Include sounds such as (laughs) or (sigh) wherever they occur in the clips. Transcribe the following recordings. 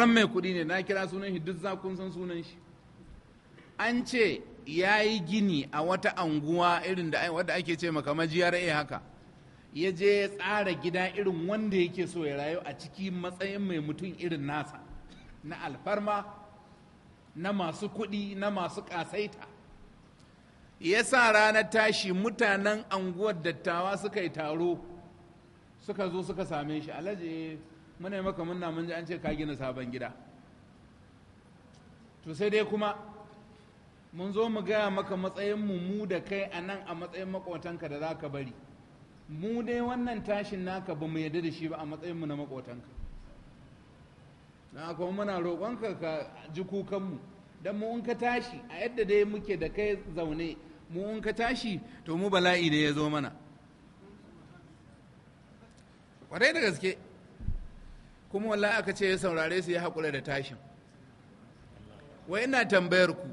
ƙwararren mai kuɗi ne na kira sunan shi duk za kun san sunan shi an ce ya yi gini a wata anguwa irin da wadda ake ce makama GRA haka ya je ya tsara gida irin wanda yake so ya rayu a ciki matsayin mai mutum irin nasa na alfarma na masu kuɗi na masu kasaita ya sa ranar tashi mutanen anguwar dattawa suka yi taro suka zo suka same shi alhaji muna yi maka munna mun ji an ce ka gina sabon gida to sai dai kuma mun zo mu gaya maka matsayin mu mu da kai a nan a matsayin makotanka da za ka bari mu dai wannan tashin naka ba mu yarda da shi ba a matsayin na makotanka na kuma muna roƙonka ka ji kukanmu don mu in ka tashi a yadda dai muke da kai zaune mu in ka tashi to mu bala'i da ya zo mana kwarai da gaske kuma wallahi aka ce ya saurare su ya haƙura da tashin wai ina tambayar ku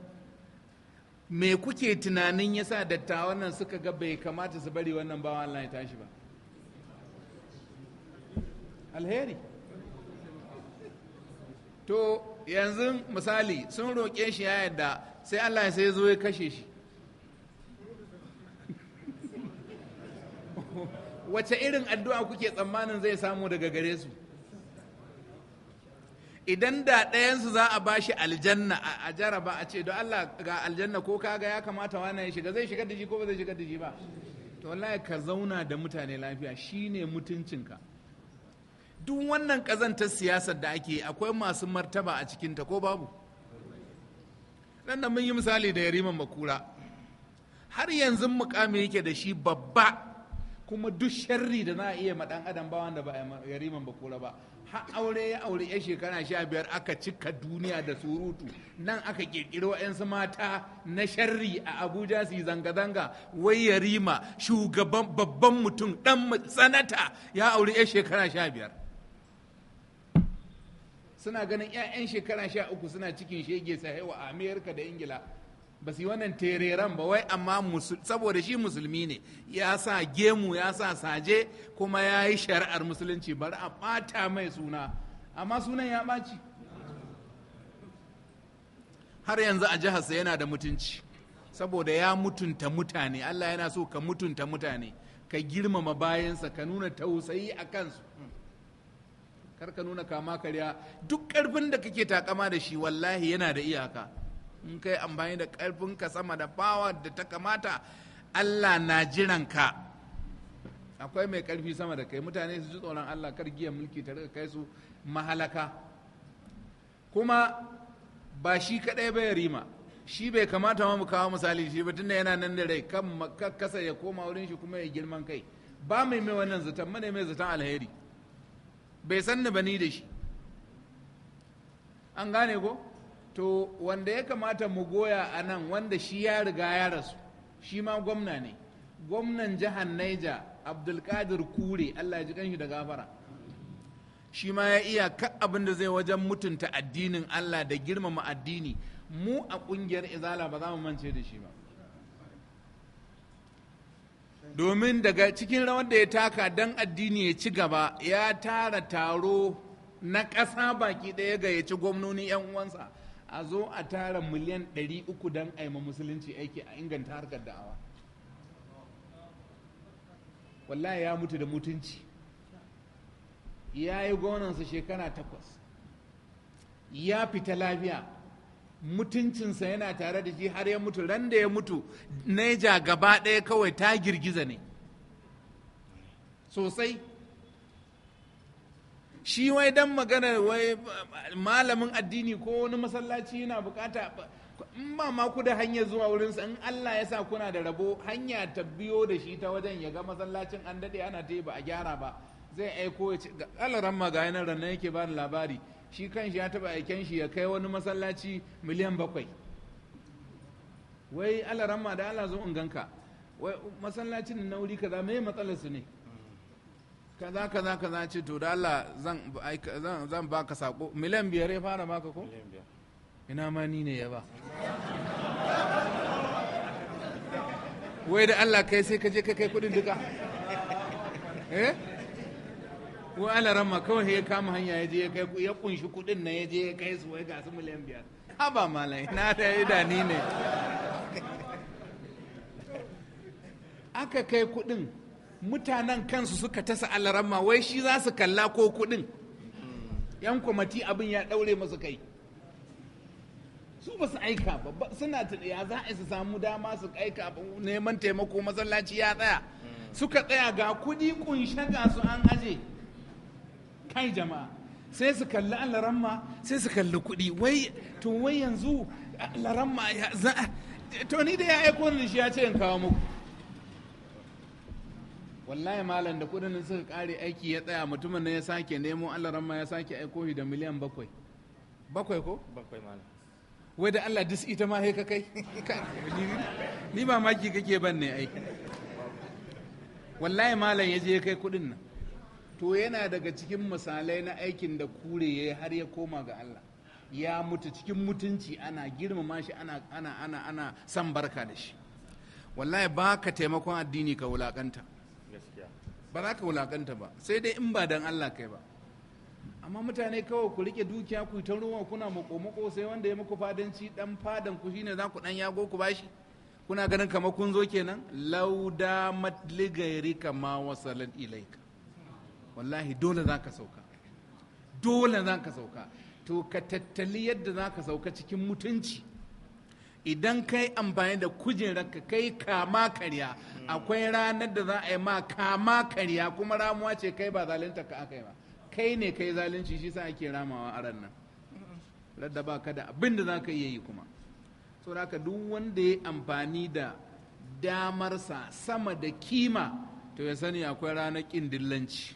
me kuke tunanin ya sa dattawan nan suka ga bai kamata su bari wannan bawan Allah ya tashi ba alheri to yanzu misali sun roƙe shi ya yadda sai Allah ya sai zo ya kashe shi (laughs) wace irin addu'a kuke tsammanin zai samu daga gare su idan da ɗayansu za a bashi aljanna a jaraba a ce don Allah ga aljanna ko kaga ya kamata wannan ya shiga zai shiga da shi ko ba zai shiga da shi ba to wallahi ka zauna da mutane lafiya shine mutuncinka duk wannan ƙazantar siyasar da ake akwai masu martaba a cikinta ko babu nan mun yi misali da yariman makura har yanzu mukami yake da shi babba kuma duk sharri da za a iya ma dan adam ba wanda ba yariman bakura ba har aure ya aure ya shekara sha biyar aka cika duniya da surutu nan aka kirkiri wa'yansu mata na sharri a abuja su zanga-zanga wai ya rima shugaban babban mutum dan sanata ya aure ya shekara sha biyar suna ganin 'ya'yan shekara sha uku suna cikin shege sahewa a amerika da ingila ba su yi wannan tereren ba wai amma saboda shi musulmi ne ya sa gemu ya sa saje kuma ya yi shari'ar musulunci bari a ɓata mai suna amma sunan ya ɓaci har yanzu a jiharsa yana da mutunci saboda ya mutunta mutane allah yana so ka mutunta mutane ka girmama bayansa ka nuna tausayi a kansu kar ka nuna kama karya duk ƙarfin da kake takama da shi wallahi yana da iyaka in kai amfani da ƙarfinka sama da bawa da ta kamata allah na jiranka akwai mai ƙarfi sama da kai mutane su ji tsoron allah kar giyan mulki ta rika kai su mahalaka kuma ba shi kaɗai bai rima shi bai kamata ma mu kawo misali shi ba tunda yana nan da rai kan kasa ya koma wurin shi kuma ya girman kai ba mai mai wannan zaton mana mai zaton alheri bai san ni ba ni da shi an gane ko to wanda ya kamata mu goya a nan wanda shi ya riga ya rasu shi ma gwamna ne gwamnan jihar naija abdulkadir kure allah ji ji kanshi da gafara shi ma ya iya kan abin da zai wajen mutunta addinin allah da girmama addini mu a kungiyar izala ba za mu mance da shi ba domin daga cikin rawar da ya taka don addini ya ci gaba ya tara taro na ƙasa baki ɗaya ga ya ci gwamnoni 'yan uwansa a zo a tara miliyan 300 don a aima musulunci aiki a inganta harkar da'awa wallahi ya mutu da mutunci ya yi gonansa shekara takwas ya fita lafiya mutuncinsa yana tare da shi har ya mutu ran da ya mutu neja gaba ɗaya kawai ta girgiza ne sosai shi wai dan magana wai malamin addini ko wani masallaci yana bukata in ba ma ku da hanyar zuwa wurin in Allah ya sa kuna da rabo hanya ta biyo da shi ta wajen ya ga masallacin an dade ana ta ba a gyara ba zai aiko ya ce alaran ran ranar yake bani labari shi kan shi ya taba aiken shi ya kai wani masallaci miliyan bakwai wai alaran ma da Allah zo in ganka wai masallacin na wuri kaza me matsalar su ne kaza kaza kaza ce to da Allah zan zan baka sako miliyan biyar ya fara maka ko ina ma ni ne ya ba wai da Allah kai sai ka je ka kai kudin duka eh ko Allah ramma kawai ya kama hanya ya je ya kai ya kunshi kudin nan ya je ya kai su wai ga su miliyan biyar haba malai na da ni ne aka kai kudin mutanen kansu suka tasa alarama wai shi za su kalla ko kuɗin yan kwamati abin ya ɗaure masu kai su ba su aika ba suna ya za a su samu dama su aika neman taimako masallaci ya tsaya suka tsaya ga kuɗi kunshe ga su an aje kai jama'a sai su kalli alaramma sai su kalli kuɗi wai to wai yanzu alaramma ya za to ni da ya aiko ni shi ya ce in kawo muku wallahi malam da kudin suka kare aiki ya tsaya mutumin nan ya sake nemo Allah ramma ya sake aiko shi da miliyan bakwai bakwai ko bakwai malam wai da Allah dis ita ma ka kai ni ba maki kake ban ne aiki wallahi malam ya je kai kudin nan to yana daga cikin misalai na aikin da kure ya har ya koma ga Allah ya mutu cikin mutunci ana girmama shi ana ana ana ana san barka da shi wallahi baka taimakon addini ka wulakanta ba za ka wulakanta ba sai dai in ba dan Allah kai ba amma mutane kawai ku rike dukiya ku ta ruwa kuna makomako sai wanda ya muku fadanci dan fadan ku shine za ku dan yago ku bashi kuna ganin kamar kun zo kenan lauda matligairi kama wasalan ilaika wallahi dole za ka sauka dole za ka sauka to ka tattali yadda za ka sauka cikin mutunci idan kai amfani da kujerar ka kai kama karya akwai ranar da za a yi ma kama karya kuma ramuwa ce kai ba zalunta ka aka yi ba kai ne kai zalunci shi sa ake ramawa a ran nan radda ba ka da abin da za ka iya yi kuma saboda duk wanda ya amfani da damarsa sama da kima to ya sani akwai ranar kin dillanci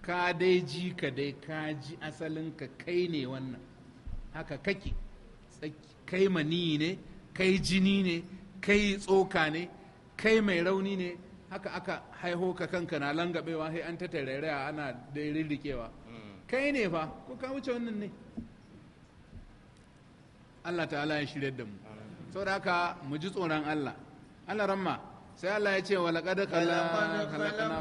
ka dai ji ka dai ka ji asalinka kai ne wannan haka kake kai maniyi ne kai jini ne kai tsoka ne kai mai rauni ne haka aka haiho ka kanka na langabewa sai an ta tarairaya ana da rirrikewa kai ne fa ko ka wuce wannan ne Allah ta'ala ya shirya da mu saboda haka mu ji tsoron Allah Allah ramma sai Allah ya ce wa laqad khalaqna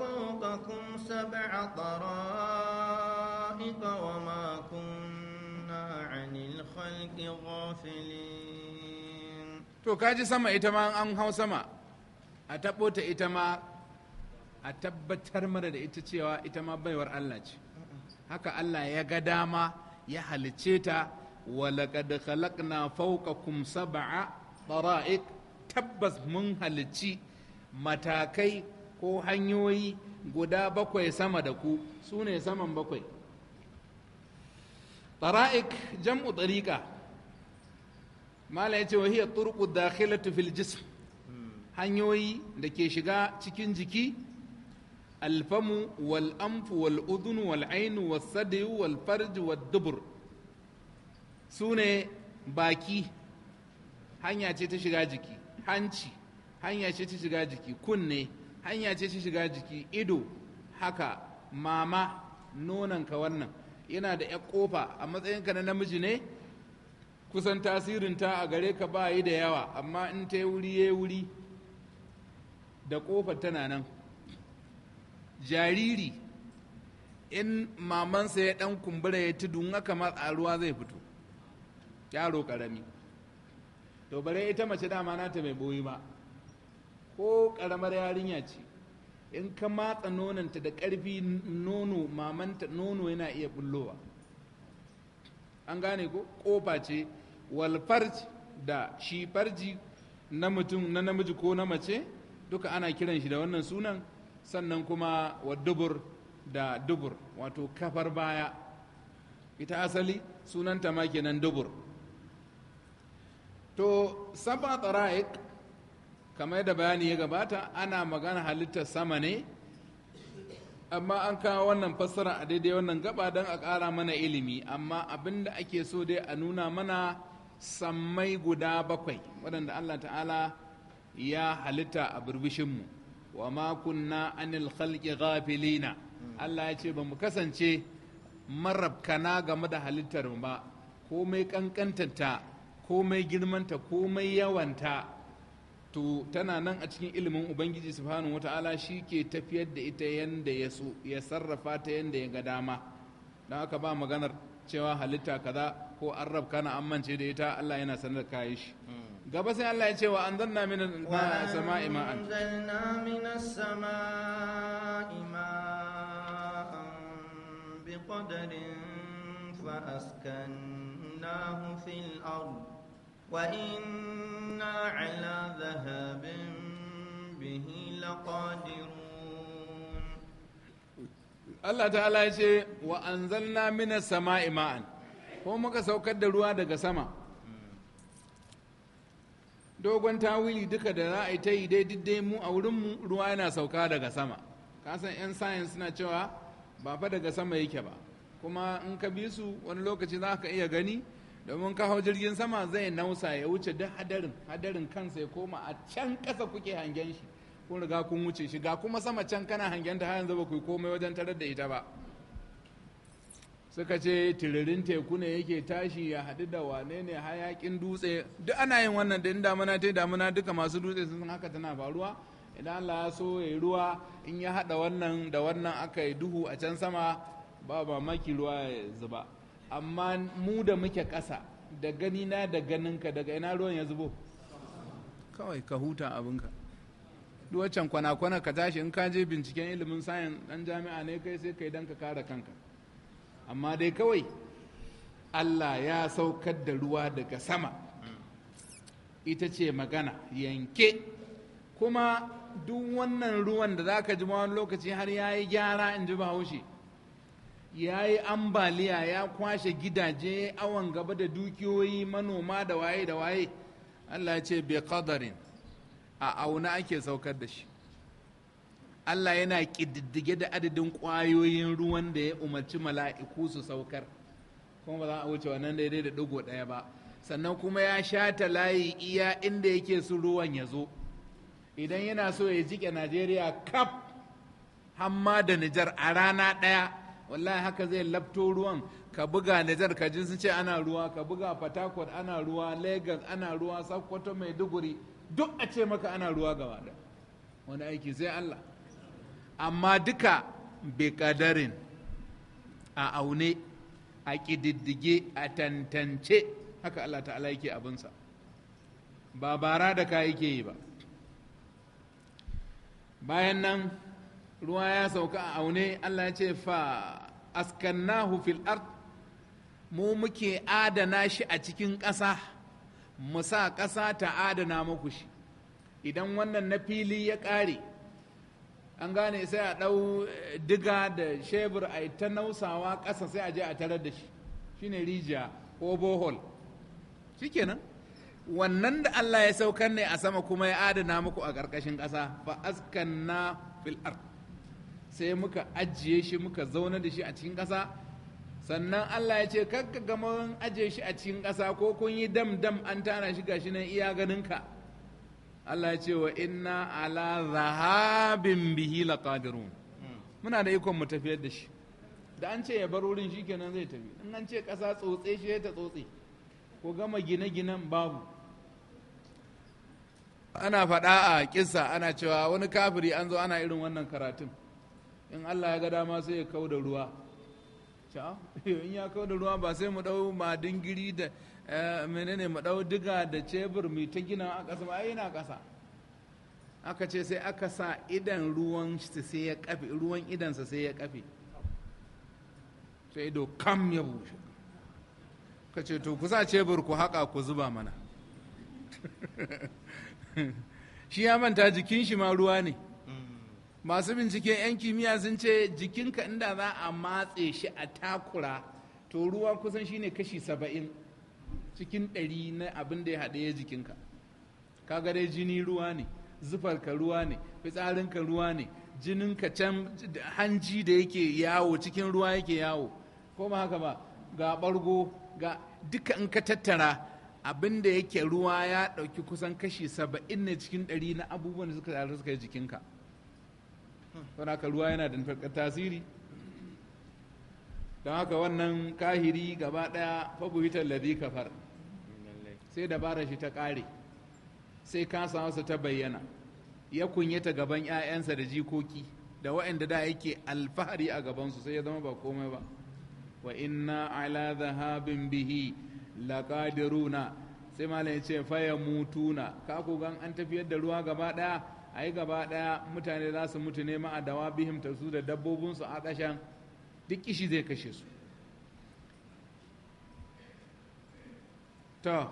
fawqakum sab'a tara'iqa wa ma الخلق غافلين to kaji sama ita ma an hau sama a tabo ta ita ma a tabbatar mana da ita cewa ita ma baiwar Allah ce haka Allah ya ga dama ya halice ta walaqad khalaqna fawqakum sab'a dara'iq tabbas mun halici matakai ko hanyoyi guda bakwai sama da ku su ne saman bakwai tara'ik jam'u tariqa mala ya wa hiya turuqu dakhilatu fil jism hanyoyi da ke shiga cikin jiki alfamu wal amfu wal udunu wal ainu was sadiu wal farji wad dubur sune baki hanya ce ta shiga jiki hanci hanya ce ta shiga jiki kunne hanya ce ta shiga jiki ido haka mama nonanka wannan yana da ya kofa a matsayinka na namiji ne kusan tasirinta a gare ka ba yi da yawa amma in ta yi wuri ya yi wuri da kofar tana nan jariri in mamansa ya dan kumbura ya tudun aka matsa ruwa zai fito yaro karami to bare ita mace dama na ta mai boyi ba ko karamar yarinya ce in ka matsa nonanta da ƙarfi nono mamanta nono yana iya bullowa an gane ko ƙofa ce walfarji da shi farji na mutum na namiji ko na mace duka ana kiran shi da wannan sunan sannan kuma wa dubur da dubur wato kafar baya ita asali sunanta ma kenan dubur to saba tsara'ik kamar da bayani ya gabata ana magana halittar sama ne amma an kawo wannan fassara a daidai wannan gaba don a ƙara mana ilimi amma abin da ake so dai a nuna mana sammai guda bakwai waɗanda allah ta'ala ya halitta a birbishinmu wa ma kunna anil khalqi ghafilina allah ya ce ba mu kasance marabkana game da halittar mu ba komai kankantanta komai girmanta komai yawanta to tana nan a cikin ilimin ubangiji subhanahu wata'ala shi ke tafiyar da ita yanda ya so ya sarrafa ta yanda ya ga dama don haka ba maganar cewa halitta kaza ko an rabka na amince da ita Allah yana sanar da kayan shi hmm. gaba sai Allah ya ce wa anzalna min as-sama'i ma'an anzalna min as-sama'i ma'an qadarin fa askannahu fil ardh وإنا على ذهاب به لقادرون الله تعالى يقول وأنزلنا من السماء ماء ko muka saukar da ruwa daga sama dogon tawili duka da za a yi ta yi dai mu a wurinmu ruwa yana sauka daga sama kasan 'yan sayan suna cewa ba fa daga sama yake ba kuma in ka bi su wani lokaci za ka iya gani domin kawo jirgin sama zai nausa ya wuce duk hadarin hadarin kansa ya koma a can kasa kuke hangen shi kun riga kun wuce shi ga kuma sama can kana hangen ta yanzu ba ku komai wajen tarar da ita ba suka ce tiririn teku ne yake tashi ya haɗu da wane ne hayakin dutse duk ana yin wannan da damuna ta damuna duka masu dutse sun haka tana faruwa idan Allah ya so ya yi ruwa in ya haɗa wannan da wannan aka yi duhu a can sama ba mamaki ruwa ya zuba amma mu da muke ƙasa da ganina da ganinka daga ina ruwan ya zubo kawai ka huta abinka ka. waccan kwana-kwana ka tashi in ka je binciken ilimin sayan dan jami'a ne kai sai kai dan ka kare kanka amma dai kawai allah ya saukar da ruwa daga sama ita ce magana yanke kuma duk wannan ruwan da za ka ji wani lokaci har ya yi gyara in ji bahaushe ya yi ambaliya ya kwashe gidaje awon gaba da dukiyoyi manoma da waye da waye allah ce bai kadarin a auna ake saukar da shi allah yana ƙididdige da adadin kwayoyin ruwan da ya umarci mala'iku su saukar kuma ba za a wuce wannan daidai da digo daya ba sannan kuma ya shata layi iya inda yake su ruwan ya zo idan yana so ya jike najeriya kaf hamma da nijar a rana daya. wallahi haka zai labto ruwan ka buga Nijar ka ji sun ce ana ruwa ka buga Fatakwal ana ruwa legas ana ruwa Sokoto duguri duk a ce maka ana ruwa gaba da wani aiki sai Allah amma duka bai kadarin a aune a kididdige a tantance haka Allah ta'ala yake abinsa ba bara da ka yake yi ba bayan nan ruwa ya sauka a aune Allah ya ce fa askannahu fil ard mu muke adana shi a cikin ƙasa mu sa ƙasa ta adana muku shi idan wannan na fili ya ƙare an gane sai a ɗau eh, diga da shebur a ta nausawa ƙasa sai a je a tarar da shi shine rijiya ko bohol shikenan wannan da Allah ya saukar ne a sama kuma ya adana muku a ƙarƙashin ƙasa fa askanna fil ard sai muka ajiye shi muka zauna da shi a cikin ƙasa sannan Allah ya ce kakka gama ajiye shi a cikin ƙasa ko kun yi dam dam an tara shi gashi nan iya ganinka Allah ya ce wa inna ala zahabin bihi laqadirun muna da ikon mu tafiyar da shi da an ce ya bar wurin shi kenan zai tafi in an ce ƙasa tsotse shi ta tsotse ko gama gine-ginen babu ana faɗa a kisa ana cewa wani kafiri an zo ana irin wannan karatun in allah ya ga dama sai ya kau da ruwa in ya kau da ruwa ba sai mu dau madingiri da eh, menene mu dau diga da cebur mu ta gina a ƙasa ba yana ƙasa aka ce sai aka sa idan ruwan sai ya kafe ruwan idansa sai ya kafe sai ido kam ya bushe ka ce to ku sa cebur ku haƙa ku zuba mana (laughs) shi ya manta jikin shi ma ruwa ne masu bincike 'yan kimiyya sun ce jikinka inda za a matse shi a takura to ruwa kusan shine kashi saba'in cikin ɗari na abin da ya haɗe ya jikinka kaga dai jini ruwa ne zufarka ruwa ne fitsarinka ruwa ne jininka can hanji da yake yawo cikin ruwa yake yawo ko ma haka ba ga bargo, ga duka in ka tattara abin da yake ruwa ya ɗauki kusan kashi saba'in ne cikin ɗari na abubuwan da suka suka jikinka don haka ruwa yana da tasiri don haka wannan kahiri gaba ɗaya fabuhitar ladi kafar sai dabara shi ta kare sai kasa wasu ta bayyana ya kunyata gaban 'ya'yansa da jikoki da waɗanda da yake alfahari a gabansu sai ya zama ba komai ba wa inna ala zahabin bihi laƙadiruna sai malam ya ce faya mutuna ka an tafiyar da ruwa gaba ɗaya ai gaba ɗaya mutane za su mutu nema a dawa bihim ta su da dabbobinsu a ƙashan duk kishi zai kashe su to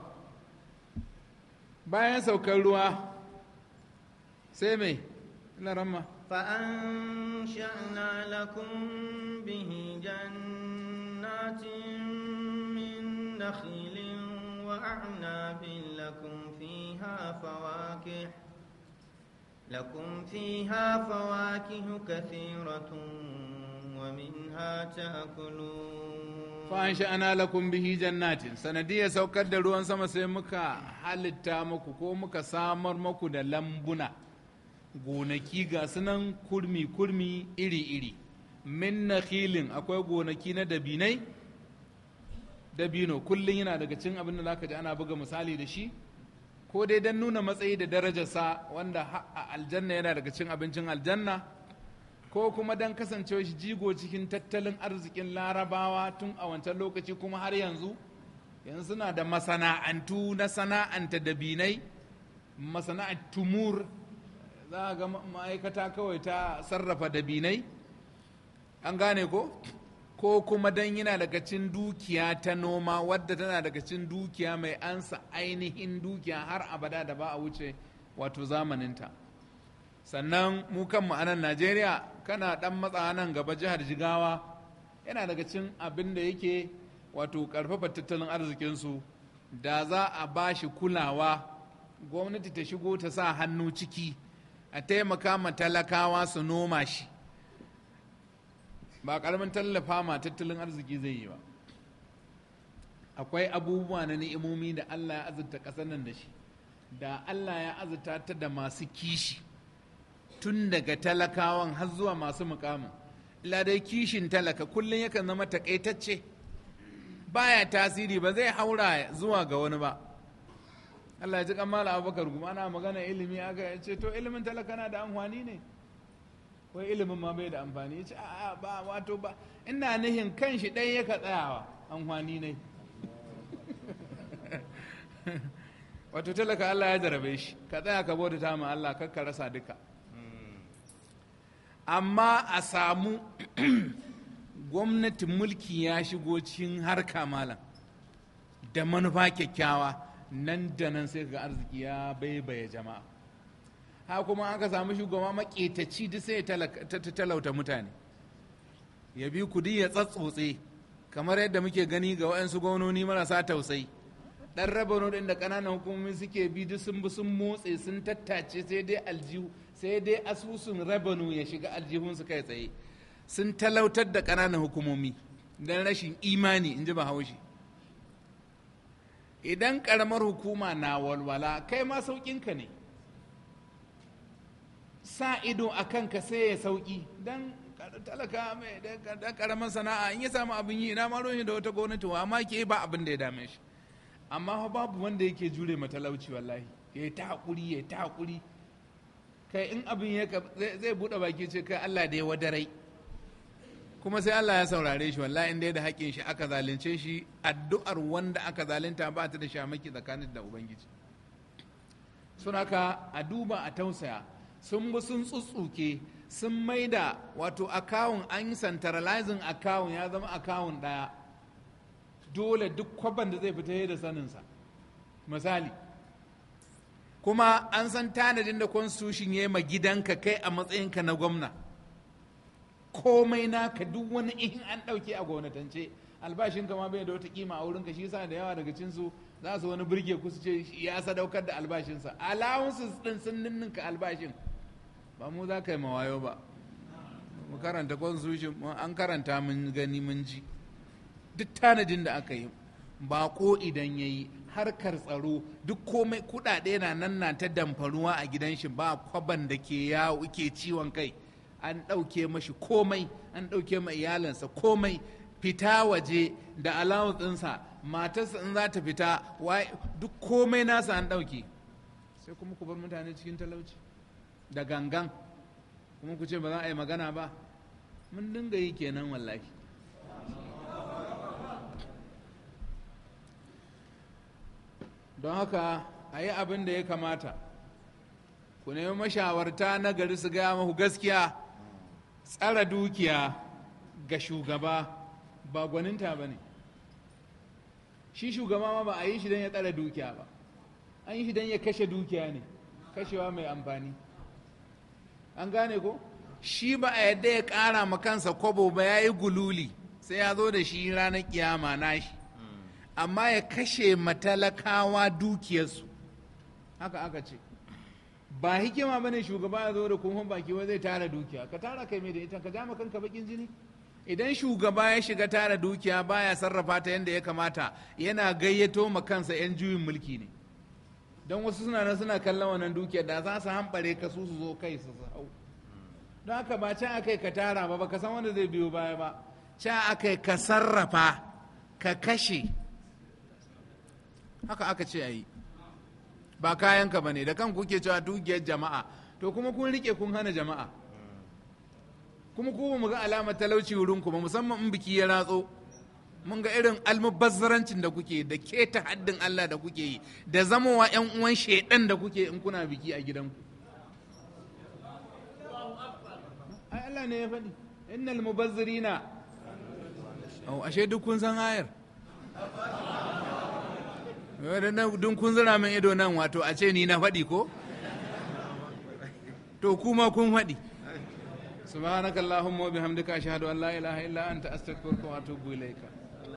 bayan saukar ruwa sai mai larama فأنشأنا لكم به جنات من نخيل وأعناب lakum fiha fawakih لكم فيها فواكه كثيرة ومنها تأكلون فأنشأنا لكم به جنات سندية سوكد ruwan sama sai muka halitta maku ko muka samar maku da lambuna gonaki ga sunan kurmi kurmi iri iri min nakhilin akwai gonaki na dabinai dabino kullum yana daga cin abin da zaka ji ana buga misali da shi ko dai don nuna matsayi da darajarsa wanda aljanna yana daga cin abincin aljanna ko kuma don kasancewa shi jigo cikin tattalin arzikin larabawa tun a wancan lokaci kuma har yanzu yanzu suna da masana'antu na sana'anta dabinai masana'ar tumur za a ga ma'aikata kawai ta sarrafa dabinai an gane ko ko kuma don yana daga cin dukiya ta noma wadda tana daga cin dukiya mai ansa ainihin dukiya har abada da ba a wuce wato zamaninta sannan mu kan ma'anar najeriya kana dan matsa nan gaba jihar jigawa yana daga cin abin da yake wato karfafa tattalin arzikinsu da za a ba shi kulawa gwamnati ta shigo ta sa hannu ciki a taimaka ma talakawa su noma shi ba karamin tallafa ma tattalin arziki zai yi ba akwai abubuwa na ni'imomi da Allah ya azurta ƙasar nan da shi da Allah ya azurta ta da masu kishi tun daga talakawan har zuwa masu mukamin dai kishin talaka kullum yakan zama takaitacce baya tasiri ba zai haura zuwa ga wani ba Allah ya ji kamala abubakar gumana magana ilimi aka ce to ilimin talaka na da amfani ne wai ilimin ma bai da amfani ya ce a ba wato ba ina nihin kan shi ɗan yaka tsayawa amfani ne (laughs) wato talaka Allah ya jarabe shi ka tsaya ka bauta ta ma Allah kakka rasa duka amma a samu (clears throat) gwamnatin mulki ya shigo cikin harka malam da manufa kyakkyawa nan da nan sai ga arziki ya baibaye jama'a ha kuma aka samu shugaba maƙetaci duk sai ta talauta mutane ya bi kudi ya tsatsotse kamar yadda muke gani ga waɗansu gwamnoni marasa tausayi ɗan rabano da ƙananan hukumomi suke bi duk sun bi sun motse sun tattace sai dai aljihu sai dai asusun rabano ya shiga aljihunsu kai tsaye sun talautar da ƙananan hukumomi don rashin imani in ji bahaushe idan ƙaramar hukuma na walwala kai ma ka ne sa ido a kanka sai ya sauki dan talaka mai dan karamin sana'a in ya samu abin yi na maro da wata gwamnati amma ke ba abin da ya dame shi amma babu wanda yake jure matalauci wallahi ya yi ta hakuri ya yi ta hakuri kai in abin ya zai buɗe baki ce kai Allah da ya wadarai kuma sai Allah ya saurare shi wallahi in dai da haƙin shi aka zalunce shi addu'ar wanda aka zalunta ba ta da shamaki tsakanin da ubangiji suna ka a duba a tausaya sun bi sun tsutsuke sun maida wato akawun an yi centralizing akawun ya zama akawun ɗaya dole duk kwabban da zai fita ya da saninsa misali kuma an san tanadin da constitution ya ma gidanka kai a matsayinka na gwamna komai naka duk wani in an ɗauke a gwamnatance albashin kama bai da wata kima a wurinka shi yasa da yawa daga cinsu za su wani birge ku ce ya sadaukar da albashinsa allowances din sun ninninka albashin ba mu za ka yi mawayo ba mu karanta constitution an karanta mun gani mun ji duk tanadin da aka yi ba ko idan ya yi harkar tsaro duk komai kudade na nan na ta damfaruwa a gidan shi ba kwaban da ke yawo ke ciwon kai an ɗauke mashi komai an ɗauke ma iyalinsa komai fita waje da allowance ɗinsa matarsa in za ta fita duk komai nasa an ɗauke sai kuma ku bar mutane cikin talauci da gangan kuma ku ce ba za a yi magana ba mun dinga yi kenan wallahi don haka a yi abin da ya kamata ku nemi mashawarta na gari su gaya mahu gaskiya tsara dukiya ga shugaba ba gwaninta ba ne shi shugaba ma ba a yi shi don ya tsara dukiya ba an yi shi don ya kashe dukiya ne kashewa mai amfani an gane ko shi ba a yadda ya kara ma kansa kwabo ba ya yi gululi sai ya zo da shi ranar kiyama nashi amma ya kashe matalakawa dukiyarsu haka aka ce ba hikima bane shugaba ya zo da kuma baki wai zai tara dukiya ka tara kai mai da ita ka ja ma kanka bakin jini idan shugaba ya shiga tara dukiya baya sarrafa ta yadda ya kamata yana gayyato ma kansa yan juyin mulki ne don wasu suna nan suna kallon wannan dukiya da za su hanɓare ka su su zo kai su hau don haka ba can akai ka tara ba ba ka san wanda zai biyo baya ba can akai ka sarrafa ka kashe haka aka ce a yi ba kayanka ba ne da kan kuke cewa dukiyar jama'a to kuma kun rike kun hana jama'a kuma ko mu ga alamar talauci wurin ba musamman in biki ya ratso mun ga irin almubazzarancin da kuke da keta haddin Allah da kuke yi da zamowa yan uwan shedan da kuke in kuna biki a gidanku ai Allah ne ya faɗi innal mubazzirina au ashe duk kun san ayar duk kun zira min ido nan wato a ce ni na faɗi ko to kuma kun faɗi subhanakallahumma wa bihamdika ashhadu an la ilaha illa anta astaghfiruka wa atubu ilayka